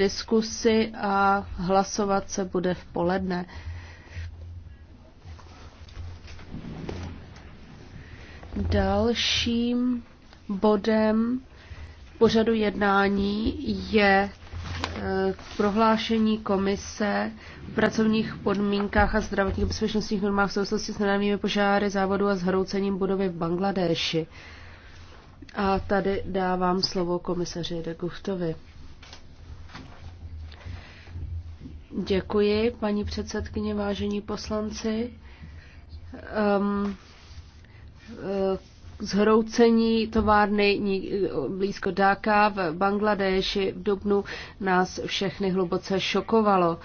diskusi a hlasovat se bude v poledne. Dalším bodem pořadu jednání je e, prohlášení komise v pracovních podmínkách a zdravotních bezpečnostních normách v souvislosti s nedávnými požáry, závodu a zhroucením budovy v Bangladeši. A tady dávám slovo komisaři de Guchtovi. Děkuji, paní předsedkyně, vážení poslanci. Um, zhroucení továrny blízko Dáka v Bangladeši v Dubnu nás všechny hluboce šokovalo.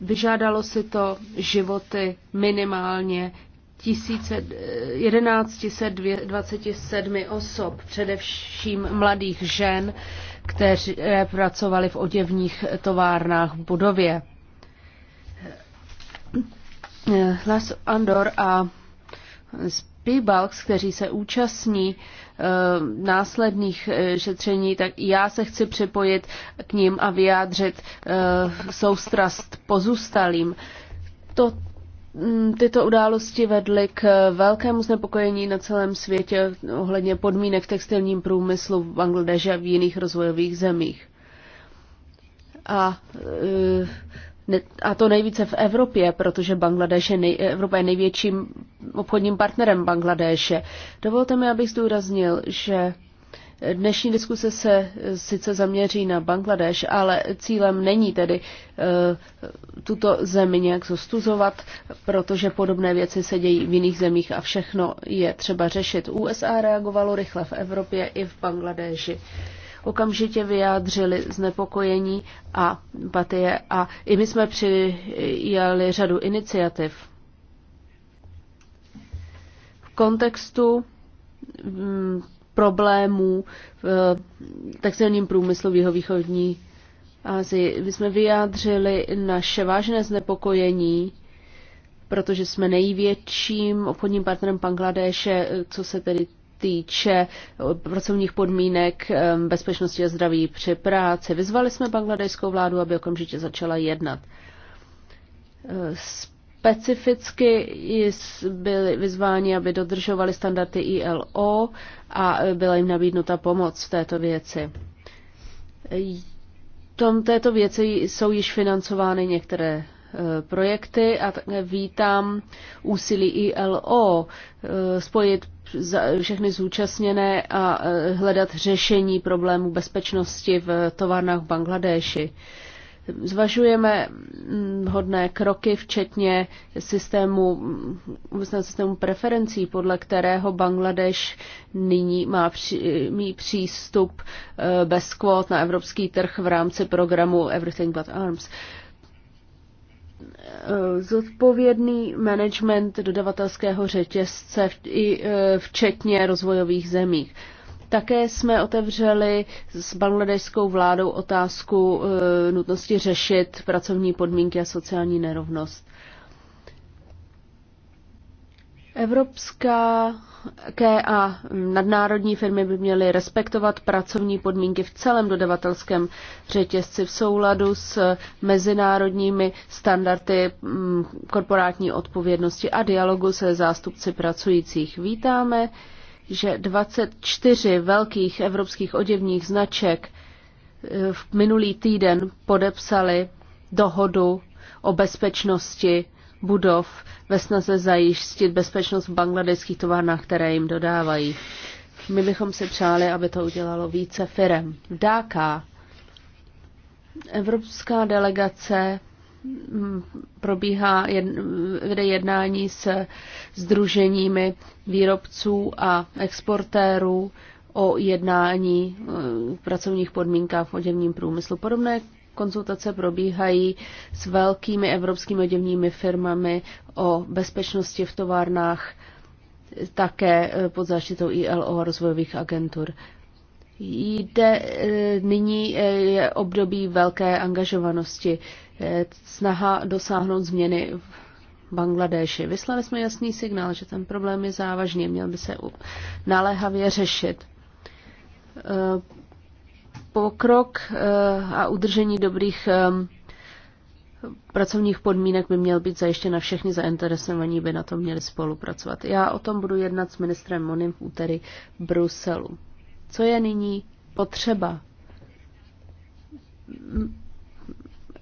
Vyžádalo si to životy minimálně 1127 osob, především mladých žen, kteří eh, pracovali v oděvních továrnách v budově. Eh, Las Andor a Spivaks, kteří se účastní eh, následných šetření, tak já se chci připojit k ním a vyjádřit soustrast pozůstalým. To Mm, tyto události vedly k eh, velkému znepokojení na celém světě ohledně podmínek v textilním průmyslu v Bangladeži a v jiných rozvojových zemích. A, eh, a to nejvíce v Evropě, protože Bangladeš je nej, Evropa je největším obchodním partnerem Bangladeše. Dovolte mi, abych zdůraznil, že Dnešní diskuse se sice zaměří na Bangladeš, ale cílem není tedy eh, tuto zemi nějak zostuzovat, protože podobné věci se dějí v jiných zemích a všechno je třeba řešit. USA reagovalo rychle v Evropě i v Bangladeši okamžitě vyjádřili znepokojení a patie a i my jsme přijali řadu iniciativ. V kontextu mm, problémů eh, v textilním průmyslu v jihovýchodní Asii. My jsme vyjádřili naše vážné znepokojení, protože jsme největším obchodním partnerem Bangladéše, eh, co se tedy týče eh, pracovních podmínek, bezpečnosti a zdraví při práci. Vyzvali jsme bangladejskou vládu, aby okamžitě začala jednat specificky byli vyzváni, aby dodržovali standardy ILO a byla jim nabídnuta pomoc v této věci. Tom této věci jsou již financovány některé e, projekty a také vítám úsilí ILO e, spojit všechny zúčastněné a e, hledat řešení problému bezpečnosti v továrnách v Bangladeši. Zvažujeme mm, hodné kroky, včetně systému, systému preferencí, podle kterého Bangladeš nyní má při, mý přístup eh, bez kvót na evropský trh v rámci programu Everything But Arms eh, zodpovědný management dodavatelského řetězce i eh, včetně rozvojových zemích. Také jsme otevřeli s bangladejskou vládou otázku eh, nutnosti řešit pracovní podmínky a sociální nerovnost. Evropská a nadnárodní firmy by měly respektovat pracovní podmínky v celém dodavatelském řetězci v souladu s mezinárodními standardy mm, korporátní odpovědnosti a dialogu se zástupci pracujících. Vítáme že 24 velkých evropských oděvních značek eh, v minulý týden podepsali dohodu o bezpečnosti budov ve snaze zajistit bezpečnost v bangladeských továrnách, které jim dodávají. My bychom si přáli, aby to udělalo více firem. V Dáka evropská delegace probíhá jed, vede jednání s združeními výrobců a exportérů o jednání eh, v pracovních podmínkách v oděvním průmyslu. Podobné konzultace probíhají s velkými evropskými oděvními firmami o bezpečnosti v továrnách, také eh, pod záštitou ILO a rozvojových agentur. Jde eh, nyní je období velké angažovanosti snaha dosáhnout změny v Bangladeši. Vyslali jsme jasný signál, že ten problém je závažný, měl by se naléhavě řešit. Eh, pokrok eh, a udržení dobrých eh, pracovních podmínek by měl být zajištěn na všechny zainteresovaní by na to měli spolupracovat. Já o tom budu jednat s ministrem Monim v úterý v Bruselu. Co je nyní potřeba?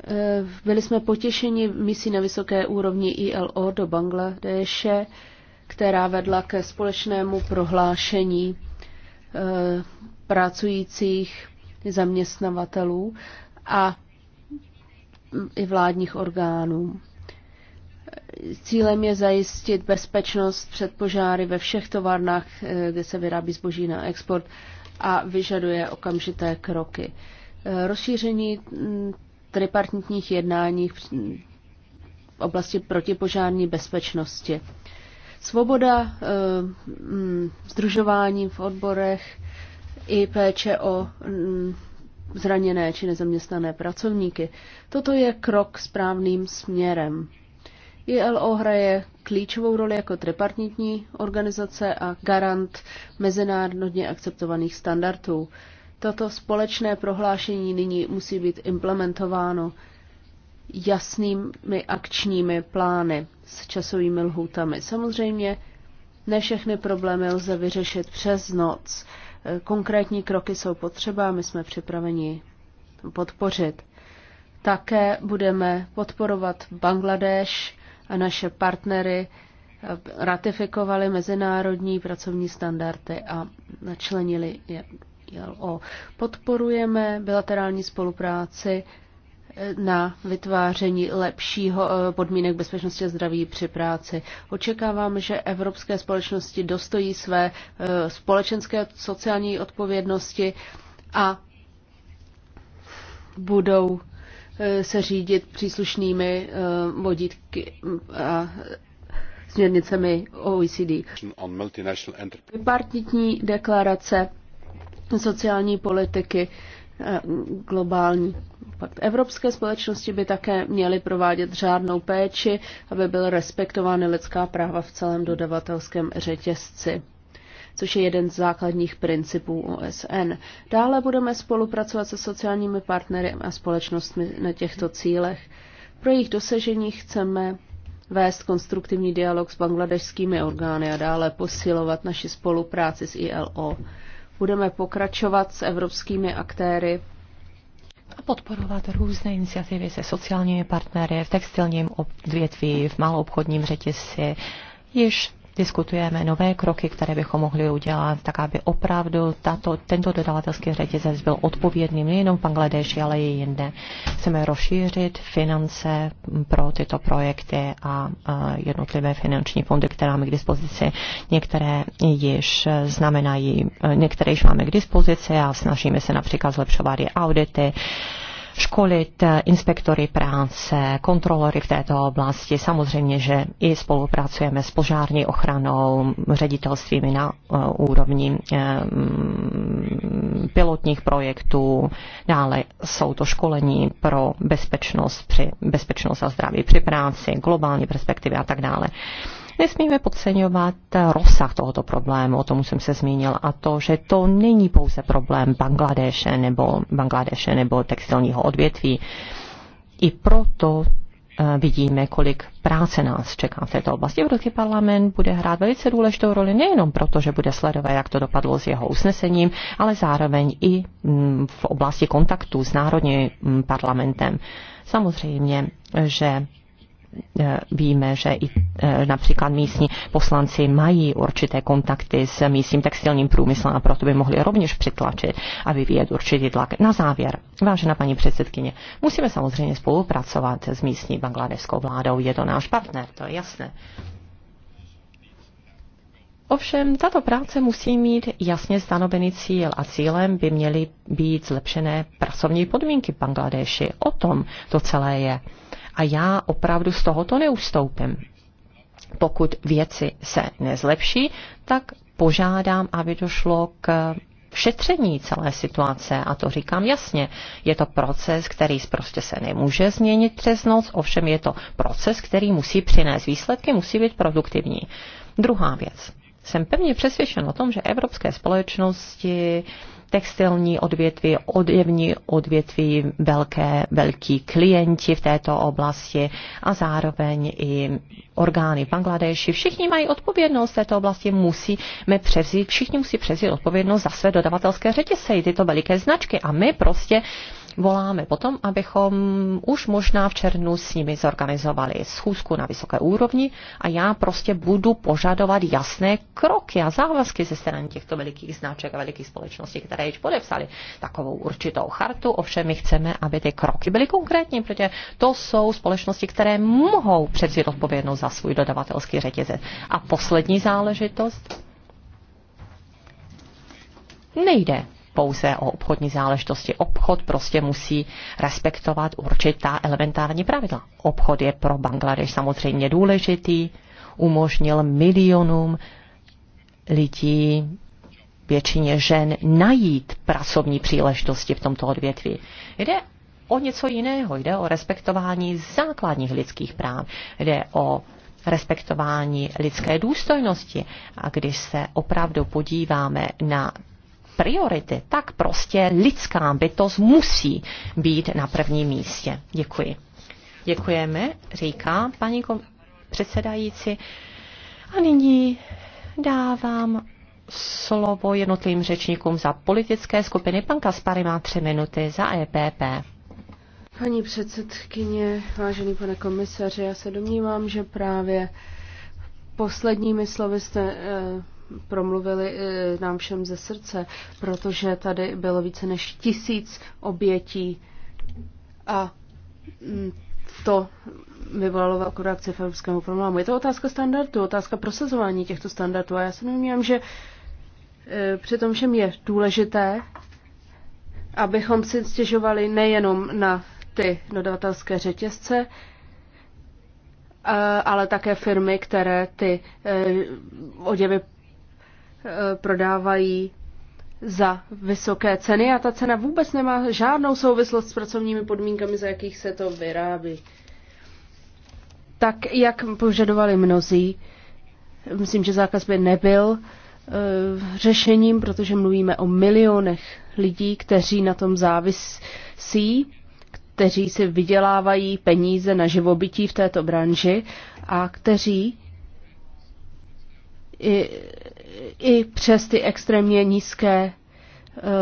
Eh, byli jsme potěšeni misí na vysoké úrovni ILO do Bangladeše, která vedla ke společnému prohlášení eh, pracujících zaměstnavatelů a i vládních orgánů. Cílem je zajistit bezpečnost před požáry ve všech továrnách, eh, kde se vyrábí zboží na export a vyžaduje okamžité kroky. Rozšíření hm, tripartitních jednáních v oblasti protipožární bezpečnosti. Svoboda eh, mm, združování v odborech i péče o mm, zraněné či nezaměstnané pracovníky. Toto je krok správným směrem. ILO hraje klíčovou roli jako tripartitní organizace a garant mezinárodně akceptovaných standardů. Toto společné prohlášení nyní musí být implementováno jasnými akčními plány s časovými lhůtami. Samozřejmě ne všechny problémy lze vyřešit přes noc. Konkrétní kroky jsou potřeba a my jsme připraveni podpořit. Také budeme podporovat Bangladeš a naše partnery ratifikovali mezinárodní pracovní standardy a načlenili je ILO. Podporujeme bilaterální spolupráci eh, na vytváření lepšího eh, podmínek bezpečnosti a zdraví při práci. Očekávám, že evropské společnosti dostojí své eh, společenské sociální odpovědnosti a budou se řídit příslušnými vodítky mm, a směrnicemi OECD. Vypartitní deklarace sociální politiky eh, globální Evropské společnosti by také měly provádět řádnou péči, aby byly respektovány lidská práva v celém dodavatelském řetězci což je jeden z základních principů OSN. Dále budeme spolupracovat se sociálními partnery a společnostmi na těchto cílech. Pro jejich dosažení chceme vést konstruktivní dialog s bangladežskými orgány a dále posilovat naši spolupráci s ILO budeme pokračovat s evropskými aktéry a podporovat různé iniciativy se sociálními partnery v textilním odvětví, v maloobchodním řetězci, již diskutujeme nové kroky, které bychom mohli udělat, tak aby opravdu tato, tento dodavatelský řetězec byl odpovědný nejenom v Bangladeši, ale i jinde. Chceme rozšířit finance pro tyto projekty a jednotlivé finanční fondy, které máme k dispozici. Některé již znamenají, některé již máme k dispozici a snažíme se například zlepšovat i audity, školit eh, inspektory práce, kontrolory v této oblasti. Samozřejmě, že i spolupracujeme s požární ochranou, ředitelstvími na eh, úrovni eh, mm, pilotních projektů. Dále jsou to školení pro bezpečnost, při, bezpečnost a zdraví při práci, globální perspektivy a tak dále. Nesmíme podceňovat rozsah tohoto problému, o tom jsem se zmínil, a to, že to není pouze problém Bangladeše nebo, Bangladeše nebo textilního odvětví. I proto eh, vidíme, kolik práce nás čeká v této oblasti. Evropský parlament bude hrát velice důležitou roli nejenom proto, že bude sledovat, jak to dopadlo s jeho usnesením, ale zároveň i mm, v oblasti kontaktu s Národním mm, parlamentem. Samozřejmě, že Eh, víme, že i eh, například místní poslanci mají určité kontakty s místním textilním průmyslem a proto by mohli rovněž přitlačit a vyvíjet určitý tlak. Na závěr, vážená paní předsedkyně, musíme samozřejmě spolupracovat s místní bangladeskou vládou, je to náš partner, to je jasné. Ovšem, tato práce musí mít jasně stanovený cíl a cílem by měly být zlepšené pracovní podmínky v Bangladeši. O tom to celé je a já opravdu z tohoto neustoupím. Pokud věci se nezlepší, tak požádám, aby došlo k šetření celé situace. A to říkám jasně. Je to proces, který prostě se nemůže změnit přes noc, ovšem je to proces, který musí přinést výsledky, musí být produktivní. Druhá věc jsem pevně přesvědčen o tom, že evropské společnosti, textilní odvětví, odjevní odvětví, velké, velký klienti v této oblasti a zároveň i orgány v Bangladeši. Všichni mají odpovědnost v této oblasti, musíme převzít, všichni musí převzít odpovědnost za své dodavatelské řetězce, i tyto veliké značky a my prostě voláme potom, abychom už možná v červnu s nimi zorganizovali schůzku na vysoké úrovni a já prostě budu požadovat jasné kroky a závazky ze strany těchto velikých značek a velikých společností, které již podepsali takovou určitou chartu. Ovšem my chceme, aby ty kroky byly konkrétní, protože to jsou společnosti, které mohou převzít odpovědnost za svůj dodavatelský řetězec. A poslední záležitost. Nejde pouze o obchodní záležitosti. Obchod prostě musí respektovat určitá elementární pravidla. Obchod je pro Bangladeš samozřejmě důležitý, umožnil milionům lidí, většině žen, najít pracovní příležitosti v tomto odvětví. Jde o něco jiného, jde o respektování základních lidských práv, jde o respektování lidské důstojnosti. A když se opravdu podíváme na priority, tak prostě lidská bytost musí být na prvním místě. Děkuji. Děkujeme, říká paní předsedající. A nyní dávám slovo jednotlivým řečníkům za politické skupiny. Pan Kaspary má tři minuty za EPP. Paní předsedkyně, vážený pane komisaři, já se domnívám, že právě posledními slovy jste eh, promluvili eh, nám všem ze srdce, protože tady bylo více než tisíc obětí a mm, to vyvolalo velkou reakci v evropskému problému. Je to otázka standardu, otázka prosazování těchto standardů a já se domnívám, že eh, při tom všem je důležité, abychom si stěžovali nejenom na ty dodavatelské řetězce, eh, ale také firmy, které ty oděvy Eh, prodávají za vysoké ceny a ta cena vůbec nemá žádnou souvislost s pracovními podmínkami, za jakých se to vyrábí. Tak, jak požadovali mnozí, myslím, že zákaz by nebyl uh, řešením, protože mluvíme o milionech lidí, kteří na tom závisí, kteří si vydělávají peníze na živobytí v této branži a kteří i, i přes ty extrémně nízké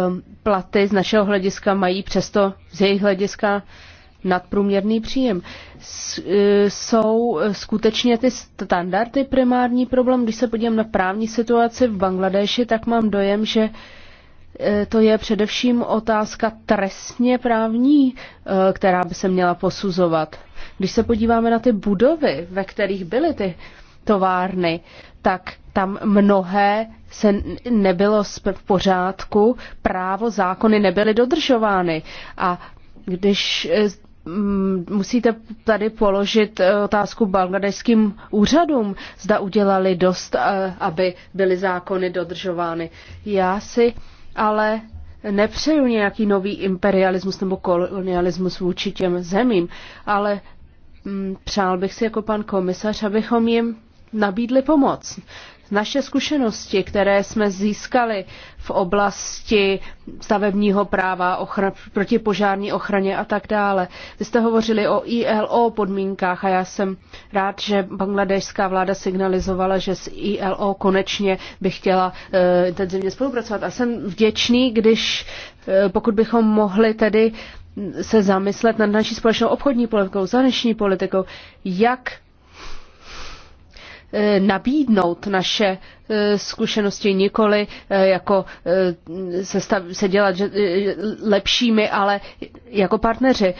um, platy z našeho hlediska mají přesto z jejich hlediska nadprůměrný příjem. S, e, jsou skutečně ty standardy primární problém? Když se podívám na právní situaci v Bangladeši, tak mám dojem, že e, to je především otázka trestně právní, e, která by se měla posuzovat. Když se podíváme na ty budovy, ve kterých byly ty továrny, tak tam mnohé se nebylo v pořádku, právo, zákony nebyly dodržovány. A když e, musíte tady položit e, otázku bangladeským úřadům, zda udělali dost, e, aby byly zákony dodržovány. Já si ale nepřeju nějaký nový imperialismus nebo kolonialismus vůči těm zemím, ale přál bych si jako pan komisař, abychom jim nabídli pomoc. Naše zkušenosti, které jsme získali v oblasti stavebního práva, ochra, protipožární ochraně a tak dále. Vy jste hovořili o ILO podmínkách a já jsem rád, že bangladešská vláda signalizovala, že s ILO konečně by chtěla uh, intenzivně spolupracovat. A jsem vděčný, když uh, pokud bychom mohli tedy se zamyslet nad naší společnou obchodní politikou, zahraniční politikou, jak Eh, nabídnout naše eh, zkušenosti nikoli eh, jako se, stav, se dělat lepšími, ale jako partneři.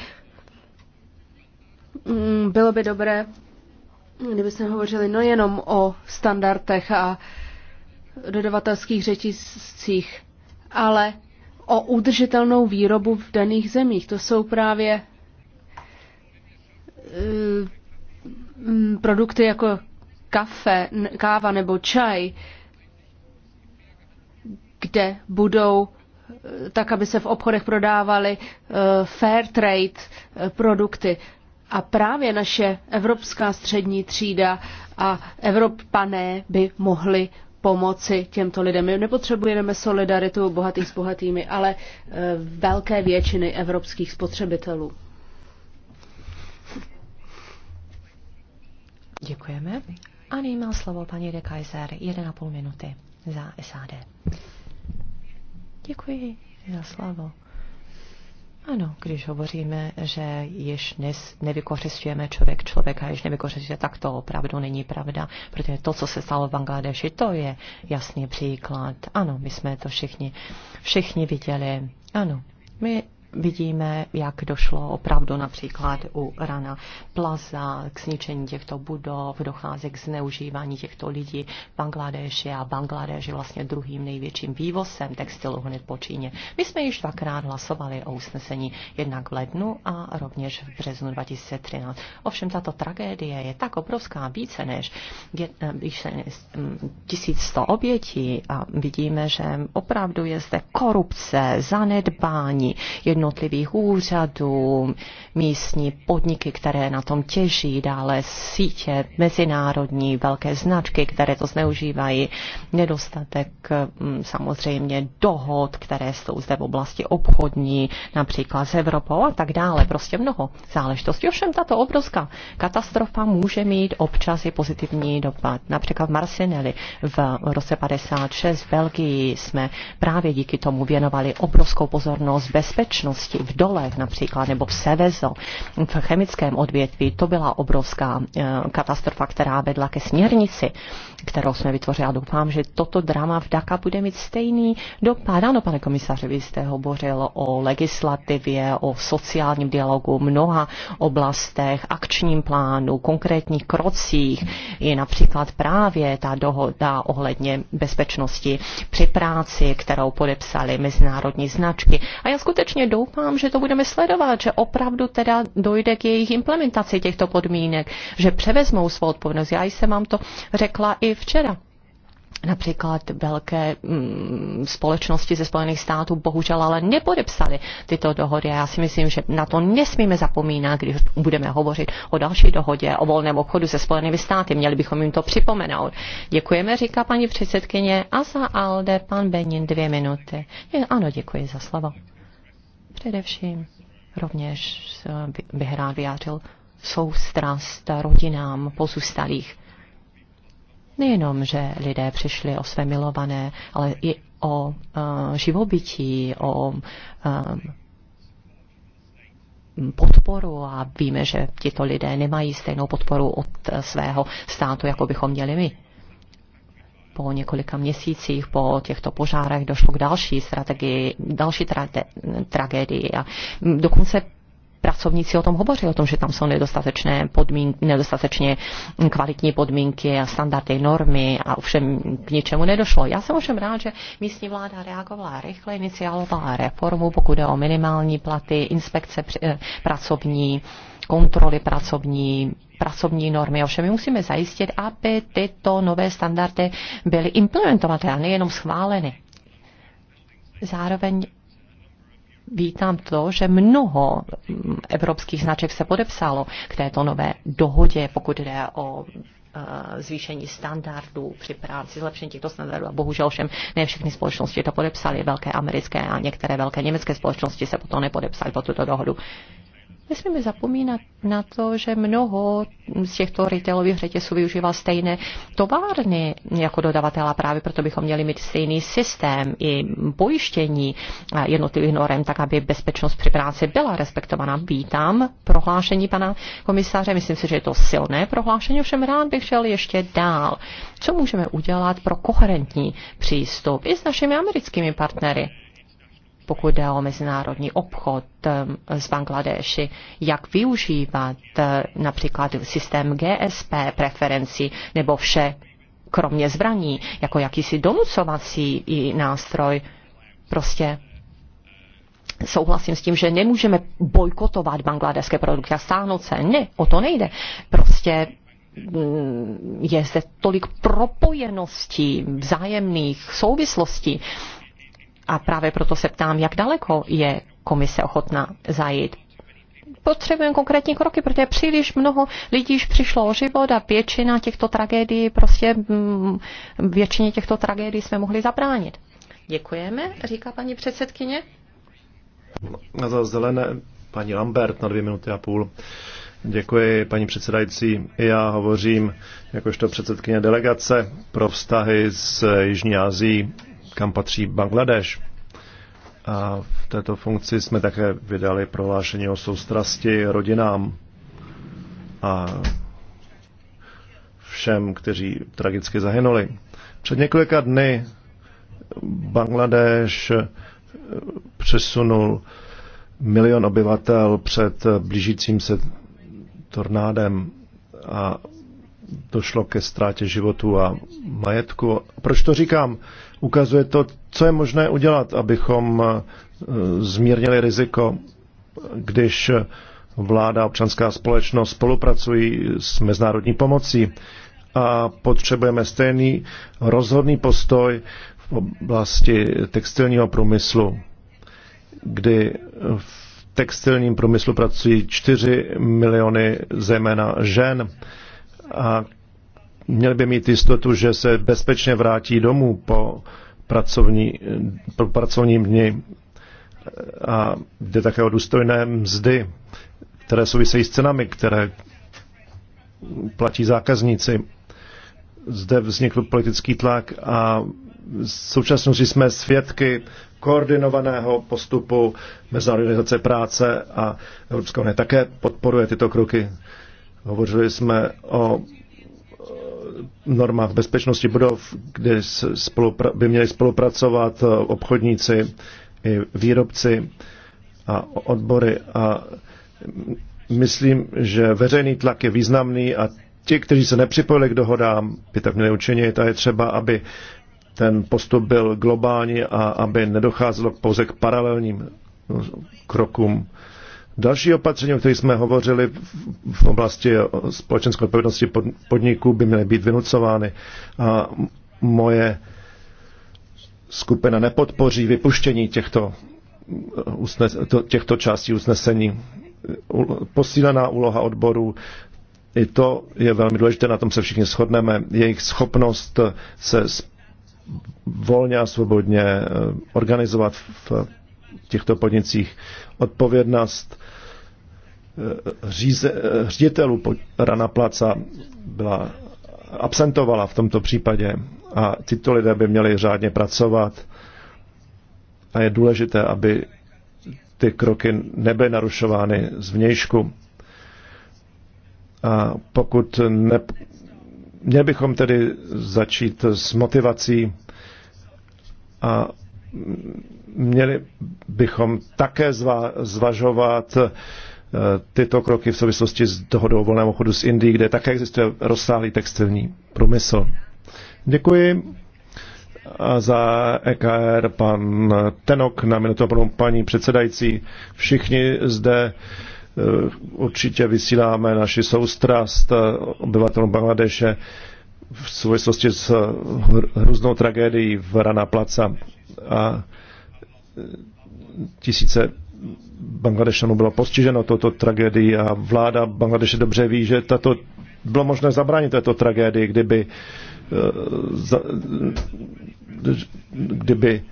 Mm, bylo by dobré, kdyby jsme hovořili no jenom o standardech a dodavatelských řetiscích, ale o udržitelnou výrobu v daných zemích. To jsou právě produkty jako kafe, káva nebo čaj, kde budou tak, aby se v obchodech prodávaly eh, fair trade eh, produkty. A právě naše evropská střední třída a Evropané by mohli pomoci těmto lidem. My nepotřebujeme solidaritu bohatých s bohatými, ale eh, velké většiny evropských spotřebitelů. Děkujeme. A nyní má slovo paní de Kaiser, 1,5 minuty za SAD. Děkuji za slovo. Ano, když hovoříme, že již dnes nevykořišťujeme člověk člověka, již nevykořistuje, tak to opravdu není pravda, protože to, co se stalo v Bangladeši, to je jasný příklad. Ano, my jsme to všichni, všichni viděli. Ano, my vidíme, jak došlo opravdu například u Rana Plaza k zničení těchto budov, dochází k zneužívání těchto lidí v Bangladeši a Bangladeš je vlastně druhým největším vývozem textilu hned po Číně. My jsme již dvakrát hlasovali o usnesení jednak v lednu a rovněž v březnu 2013. Ovšem tato tragédie je tak obrovská více než 1100 eh, hm, obětí a vidíme, že opravdu je zde korupce, zanedbání, jedno jednotlivých úřadů, místní podniky, které na tom těží, dále sítě mezinárodní, velké značky, které to zneužívají, nedostatek mm, samozřejmě dohod, které jsou zde v oblasti obchodní, například s Evropou a tak dále. Prostě mnoho záležitostí. Ovšem tato obrovská katastrofa může mít občas i pozitivní dopad. Například v Marsineli v roce 56 v Belgii jsme právě díky tomu věnovali obrovskou pozornost bezpečnosti činnosti v dolech například nebo v Sevezo, v chemickém odvětví, to byla obrovská eh, katastrofa, která vedla ke směrnici, kterou jsme vytvořili. A doufám, že toto drama v Daka bude mít stejný dopad. Ano, pane komisaře, vy jste hovořil o legislativě, o sociálním dialogu, mnoha oblastech, akčním plánu, konkrétních krocích. Je například právě ta dohoda ohledně bezpečnosti při práci, kterou podepsali mezinárodní značky. A já skutečně doufám, že to budeme sledovat, že opravdu teda dojde k jejich implementaci těchto podmínek, že převezmou svou odpovědnost. Já jsem vám to řekla i včera například velké mm, společnosti ze Spojených států bohužel ale nepodepsaly tyto dohody. já si myslím, že na to nesmíme zapomínat, když budeme hovořit o další dohodě, o volném obchodu se Spojenými státy. Měli bychom jim to připomenout. Děkujeme, říká paní předsedkyně. A za ALDE pan Benin dvě minuty. Ano, děkuji za slovo. Především rovněž bych rád vyjádřil soustrast rodinám pozůstalých. Nejenom, že lidé přišli o své milované, ale i o uh, živobytí, o um, podporu a víme, že tito lidé nemají stejnou podporu od eh, svého státu, jako bychom měli my po několika měsících po těchto požárech došlo k další strategii, další tra- tragédii a dokonce pracovníci o tom hovoří, o tom, že tam jsou nedostatečné podmínky, nedostatečně kvalitní podmínky a standardy, normy a ovšem k ničemu nedošlo. Já jsem ovšem rád, že místní vláda reagovala rychle, iniciálovala reformu, pokud je o minimální platy, inspekce eh, pracovní, kontroly pracovní, pracovní normy. Ovšem my musíme zajistit, aby tyto nové standardy byly implementovatelné, a nejenom schváleny. Zároveň vítám to, že mnoho evropských značek se podepsalo k této nové dohodě, pokud jde o e, zvýšení standardů při práci, zlepšení těchto standardů. A bohužel všem ne všechny společnosti to podepsaly, velké americké a některé velké německé společnosti se potom nepodepsaly po tuto dohodu. Nesmíme zapomínat na to, že mnoho z těchto retailových řetězů využívá stejné továrny jako dodavatela. Právě proto bychom měli mít stejný systém i pojištění jednotlivých norem, tak aby bezpečnost při práci byla respektovaná. Vítám prohlášení pana komisaře. Myslím si, že je to silné prohlášení, ovšem rád bych šel ještě dál. Co můžeme udělat pro koherentní přístup i s našimi americkými partnery? pokud jde o mezinárodní obchod ehm, s Bangladeši, jak využívat eh, například systém GSP preferenci nebo vše kromě zbraní, jako jakýsi donucovací i nástroj. Prostě souhlasím s tím, že nemůžeme bojkotovat bangladeské produkty a stáhnout se. Ne, o to nejde. Prostě mm, je zde tolik propojeností, vzájemných souvislostí a právě proto se ptám, jak daleko je komise ochotná zajít. Potřebujeme konkrétní kroky, protože příliš mnoho lidí již přišlo o život a většina těchto tragédií, prostě mm, většině těchto tragédií jsme mohli zabránit. Děkujeme, říká paní předsedkyně. Na za zelené paní Lambert na dvě minuty a půl. Děkuji, paní předsedající. Já hovořím jakožto předsedkyně delegace pro vztahy s Jižní Asií kam patří Bangladeš. A v této funkci jsme také vydali prohlášení o soustrasti rodinám a všem, kteří tragicky zahynuli. Před několika dny Bangladeš eh, přesunul milion obyvatel před blížícím se tornádem a došlo ke ztrátě životu a majetku. Proč to říkám? ukazuje to, co je možné udělat, abychom eh, zmírnili riziko, když vláda a občanská společnost spolupracují s mezinárodní pomocí a potřebujeme stejný rozhodný postoj v oblasti textilního průmyslu, kdy v textilním průmyslu pracují 4 miliony zejména žen a měli by mít jistotu, že se bezpečně vrátí domů po, pracovní, po pracovním dni. A jde také o důstojné mzdy, které souvisejí s cenami, které platí zákazníci. Zde vznikl politický tlak a v současnosti jsme svědky koordinovaného postupu Mezinárodní organizace práce a Evropská unie také podporuje tyto kroky. Hovořili jsme o normách bezpečnosti budov, kde by měli spolupracovat eh, obchodníci, i výrobci a odbory. A myslím, že veřejný tlak je významný a ti, kteří se nepřipojili k dohodám, by tak měli učinit a je třeba, aby ten postup byl globální a aby nedocházelo pouze k paralelním no, krokům. Další opatření, o kterých jsme hovořili v oblasti společenské odpovědnosti podniků, by měly být vynucovány. A moje skupina nepodpoří vypuštění těchto, usnes, těchto částí usnesení. Posílená úloha odborů, i to je velmi důležité, na tom se všichni shodneme. Jejich schopnost se volně a svobodně eh, organizovat v těchto podnicích. Odpovědnost eh, říze, eh, ředitelů Rana Placa byla absentovala v tomto případě a tyto lidé by měli řádně pracovat a je důležité, aby ty kroky nebyly narušovány zvnějšku. A pokud ne, měli bychom tedy začít s motivací a měli bychom také zva, zvažovat eh, tyto kroky v souvislosti s dohodou o volném obchodu s Indií, kde také existuje rozsáhlý textilní průmysl. Děkuji. A za EKR pan Tenok na minutu a paní předsedající. Všichni zde eh, určitě vysíláme naši soustrast eh, obyvatelům Bangladeše v souvislosti s hrůznou tragédií v Rana Placa a e, tisíce Bangladešanů bylo postiženo toto tragédií a vláda Bangladeše dobře ví, že tato, bylo možné zabránit této tragédii, kdyby, e, kdyby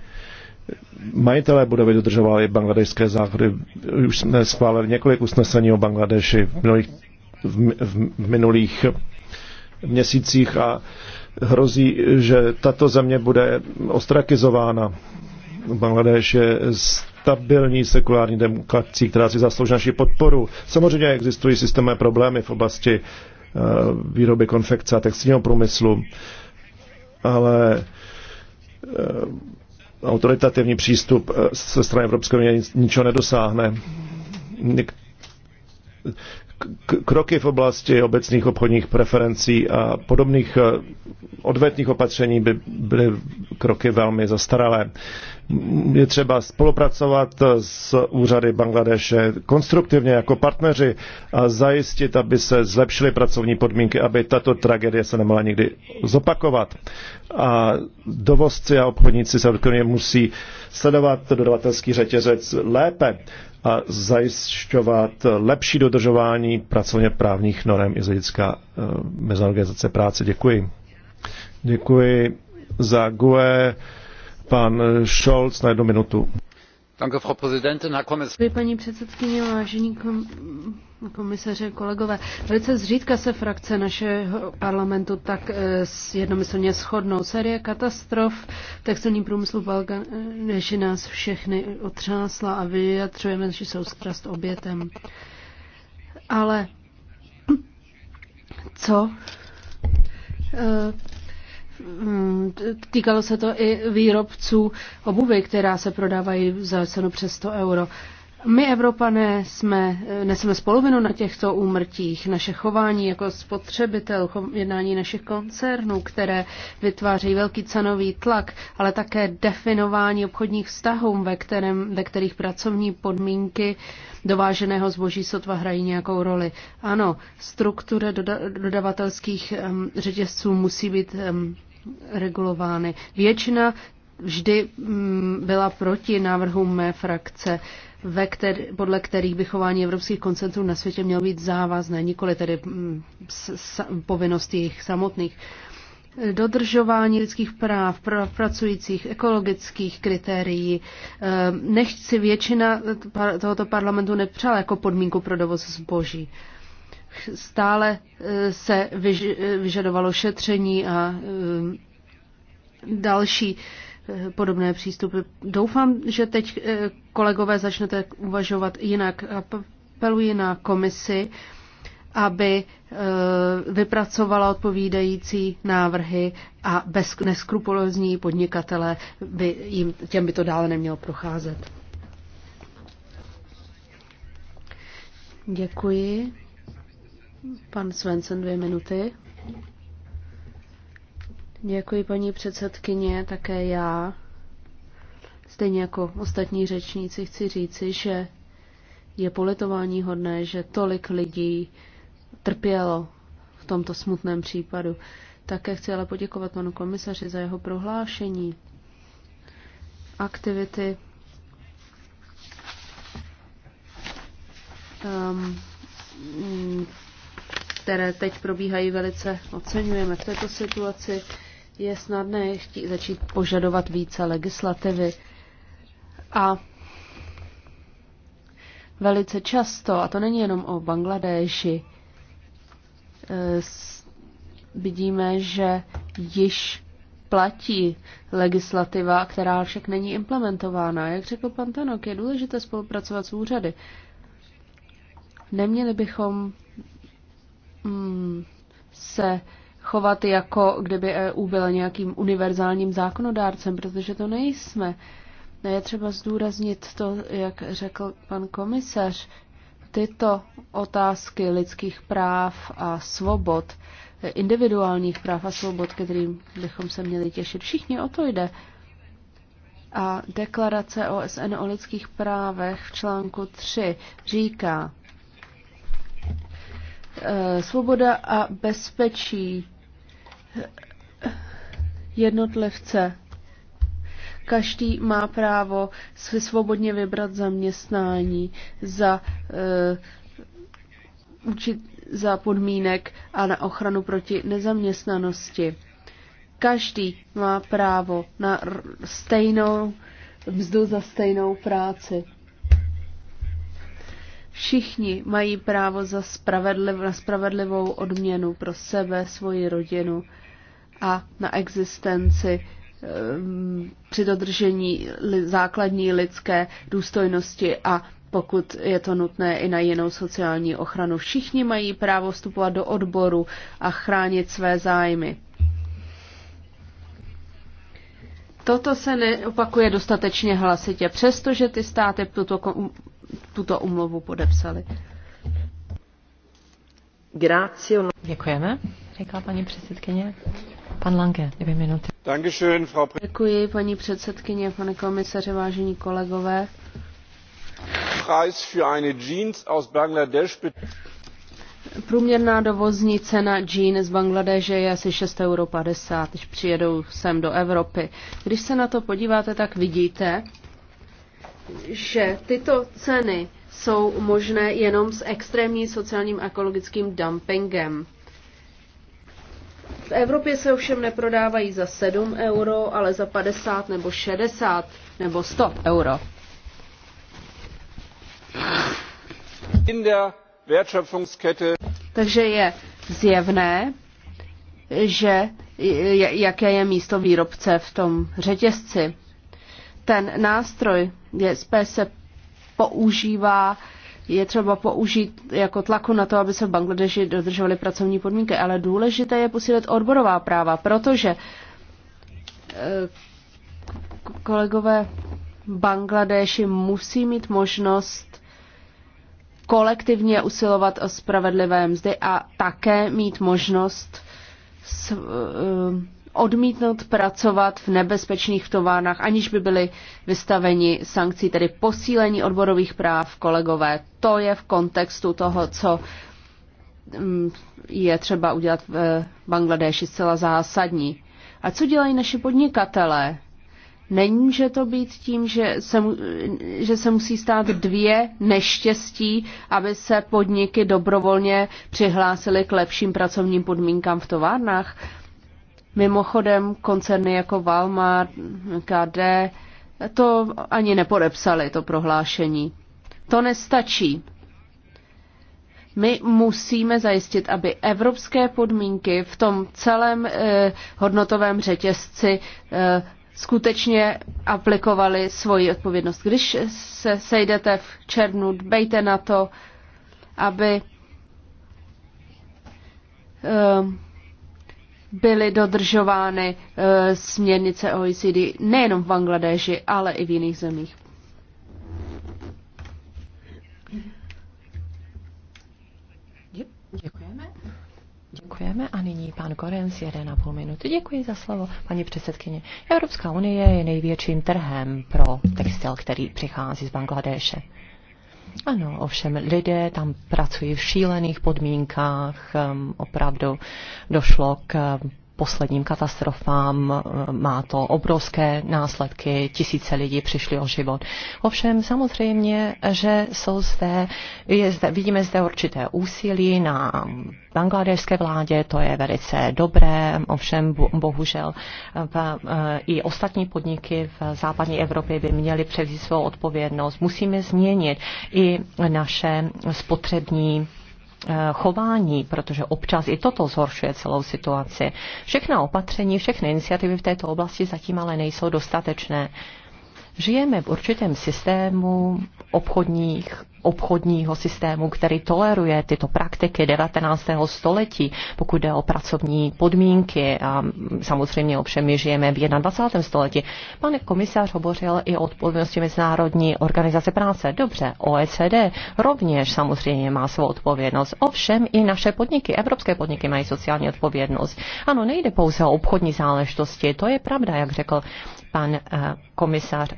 majitelé budovy dodržovali bangladešské zákony. Už jsme schválili několik usnesení o Bangladeši v minulých, v, v minulých měsících a hrozí, že tato země bude ostrakizována. Bangladeš je stabilní sekulární demokracií, která si zaslouží naši podporu. Samozřejmě existují systémové problémy v oblasti eh, výroby konfekce a textilního průmyslu, ale eh, autoritativní přístup se eh, strany Evropské unie ničeho nedosáhne kroky v oblasti obecných obchodních preferencí a podobných eh, odvetných opatření by byly kroky velmi zastaralé. Je třeba spolupracovat eh, s úřady Bangladeše konstruktivně jako partneři a zajistit, aby se zlepšily pracovní podmínky, aby tato tragédie se nemohla nikdy zopakovat. A dovozci a obchodníci se musí sledovat dodavatelský řetězec lépe a zajišťovat lepší dodržování pracovně právních norem i z hlediska eh, mezinorganizace práce. Děkuji. Děkuji za GUE. Pan Scholz na jednu minutu. Děkuji, paní předsedkyně, vážení kom komisaře, kolegové, velice zřídka se frakce našeho parlamentu tak eh, jednomyslně shodnou. Série katastrof v textilním průmyslu Balkaneši nás všechny otřásla a vyjadřujeme naši soustrast obětem. Ale co? Eh, mm, týkalo se to i výrobců obuvy, která se prodávají za cenu přes 100 euro. My, Evropané, jsme, eh, neseme spoluvinu na těchto úmrtích. Naše chování jako spotřebitel, jednání našich koncernů, které vytváří velký cenový tlak, ale také definování obchodních vztahů, ve, kterém, ve kterých pracovní podmínky dováženého zboží sotva hrají nějakou roli. Ano, struktura doda- dodavatelských um, řetězců musí být um, regulovány. Většina vždy um, byla proti návrhu mé frakce. Uh, ve který, podle kterých by chování evropských koncentrů na světě mělo být závazné, nikoli tedy mm, povinností jejich samotných. Dodržování lidských práv, práv pracujících, ekologických kritérií. Eh, Nechci většina tohoto parlamentu nepřála jako podmínku pro dovoz zboží. Stále eh, se eh, vyžadovalo šetření a další podobné přístupy. Doufám, že teď eh, kolegové začnete uvažovat jinak. Apeluji na komisi, aby eh, vypracovala odpovídající návrhy a bez neskrupulózní podnikatele by jim, těm by to dále nemělo procházet. Děkuji. Pan Svensen, dvě minuty. Děkuji, paní předsedkyně, také já. Stejně jako ostatní řečníci chci říci, že je politování hodné, že tolik lidí trpělo v tomto smutném případu. Také chci ale poděkovat panu komisaři za jeho prohlášení. Aktivity um, které teď probíhají, velice oceňujeme v této situaci je snadné chtít začít požadovat více legislativy. A velice často, a to není jenom o Bangladéši, e, vidíme, že již platí legislativa, která však není implementována. Jak řekl pan Tanok, je důležité spolupracovat s úřady. Neměli bychom mm, se chovat jako kdyby EU byla nějakým univerzálním zákonodárcem, protože to nejsme. Je třeba zdůraznit to, jak řekl pan komisař, tyto otázky lidských práv a svobod, individuálních práv a svobod, kterým bychom se měli těšit. Všichni o to jde. A deklarace OSN o lidských právech v článku 3 říká, e, svoboda a bezpečí jednotlivce. Každý má právo si svobodně vybrat zaměstnání za, uh, eh, učit, za podmínek a na ochranu proti nezaměstnanosti. Každý má právo na stejnou mzdu za stejnou práci. Všichni mají právo za spravedliv- na spravedlivou odměnu pro sebe, svoji rodinu a na existenci eh, při dodržení základní lidské důstojnosti a pokud je to nutné i na jinou sociální ochranu. Všichni mají právo vstupovat do odboru a chránit své zájmy. Toto se neopakuje dostatečně hlasitě, přestože ty státy tuto, um- tuto umluvu podepsaly. Děkujeme, Řekla paní předsedkyně. Pan Lange, dvě minuty. Děkuji, paní předsedkyně, pane komisaři, vážení kolegové. Jeans Průměrná dovozní cena džín z Bangladeže je asi 6,50 euro, když přijedou sem do Evropy. Když se na to podíváte, tak vidíte, že tyto ceny jsou možné jenom s extrémním sociálním a ekologickým dumpingem. Evropě se ovšem neprodávají za 7 euro, ale za 50 nebo 60 nebo 100 euro. Takže je zjevné, že jaké je místo výrobce v tom řetězci. Ten nástroj DSP se používá je třeba použít jako tlaku na to, aby se v Bangladeši dodržovaly pracovní podmínky, ale důležité je posílit odborová práva, protože eh, kolegové Bangladeši musí mít možnost kolektivně usilovat o spravedlivé mzdy a také mít možnost eh, odmítnout pracovat v nebezpečných továrnách, aniž by byli vystaveni sankcí, tedy posílení odborových práv, kolegové. To je v kontextu toho, co mm, je třeba udělat v Bangladeši zcela zásadní. A co dělají naši podnikatelé? Nemůže to být tím, že se, že se musí stát dvě neštěstí, aby se podniky dobrovolně přihlásily k lepším pracovním podmínkám v továrnách? Mimochodem, koncerny jako Walmart, KD, to ani nepodepsali, to prohlášení. To nestačí. My musíme zajistit, aby evropské podmínky v tom celém eh, hodnotovém řetězci eh, skutečně aplikovali svoji odpovědnost. Když se sejdete v černu, dbejte na to, aby eh, byly dodržovány eh, e, směrnice OECD nejenom v Bangladeži, ale i v jiných zemích. Děkujeme. Děkujeme a nyní pan Gorenc, půl minuty. Děkuji za slovo, paní předsedkyně. Evropská unie je největším trhem pro textil, který přichází z Bangladeše. Ano, ovšem lidé tam pracují v šílených podmínkách, um, opravdu došlo k posledním katastrofám. Eh, má to obrovské následky, tisíce lidí přišli o život. Ovšem samozřejmě, že jsou zde, je zde vidíme zde určité úsilí na bangladešské vládě, to je velice dobré, ovšem bohužel v, eh, i ostatní podniky v západní Evropě by měly převzít svou odpovědnost. Musíme změnit i naše spotřební Eh, chování, protože občas i toto zhoršuje celou situaci. Všechna opatření, všechny iniciativy v této oblasti zatím ale nejsou dostatečné. Žijeme v určitém systému obchodních obchodního systému, který toleruje tyto praktiky 19. století, pokud jde o pracovní podmínky a samozřejmě ovšem my žijeme v 21. století. Pan komisař hovořil i o odpovědnosti Mezinárodní organizace práce. Dobře, OECD rovněž samozřejmě má svou odpovědnost. Ovšem i naše podniky, evropské podniky mají sociální odpovědnost. Ano, nejde pouze o obchodní záležitosti, to je pravda, jak řekl pan eh, komisař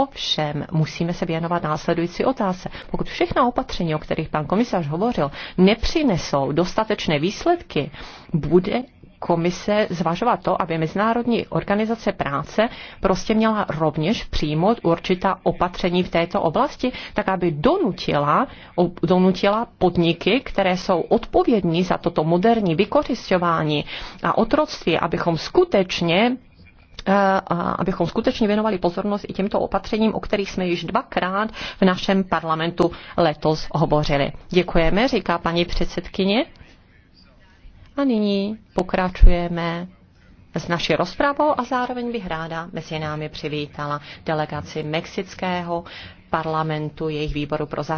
Ovšem musíme se věnovat následující otázce. Pokud všechna opatření, o kterých pan komisař hovořil, nepřinesou dostatečné výsledky, bude komise zvažovat to, aby Mezinárodní organizace práce prostě měla rovněž přijmout určitá opatření v této oblasti, tak aby donutila, donutila podniky, které jsou odpovědní za toto moderní vykořišťování a otroctví, abychom skutečně Eh, abychom skutečně věnovali pozornost i těmto opatřením, o kterých jsme již dvakrát v našem parlamentu letos hovořili. Děkujeme, říká paní předsedkyně. A nyní pokračujeme s naší rozpravou a zároveň bych ráda mezi námi přivítala delegaci Mexického parlamentu, jejich výboru pro zahraničí.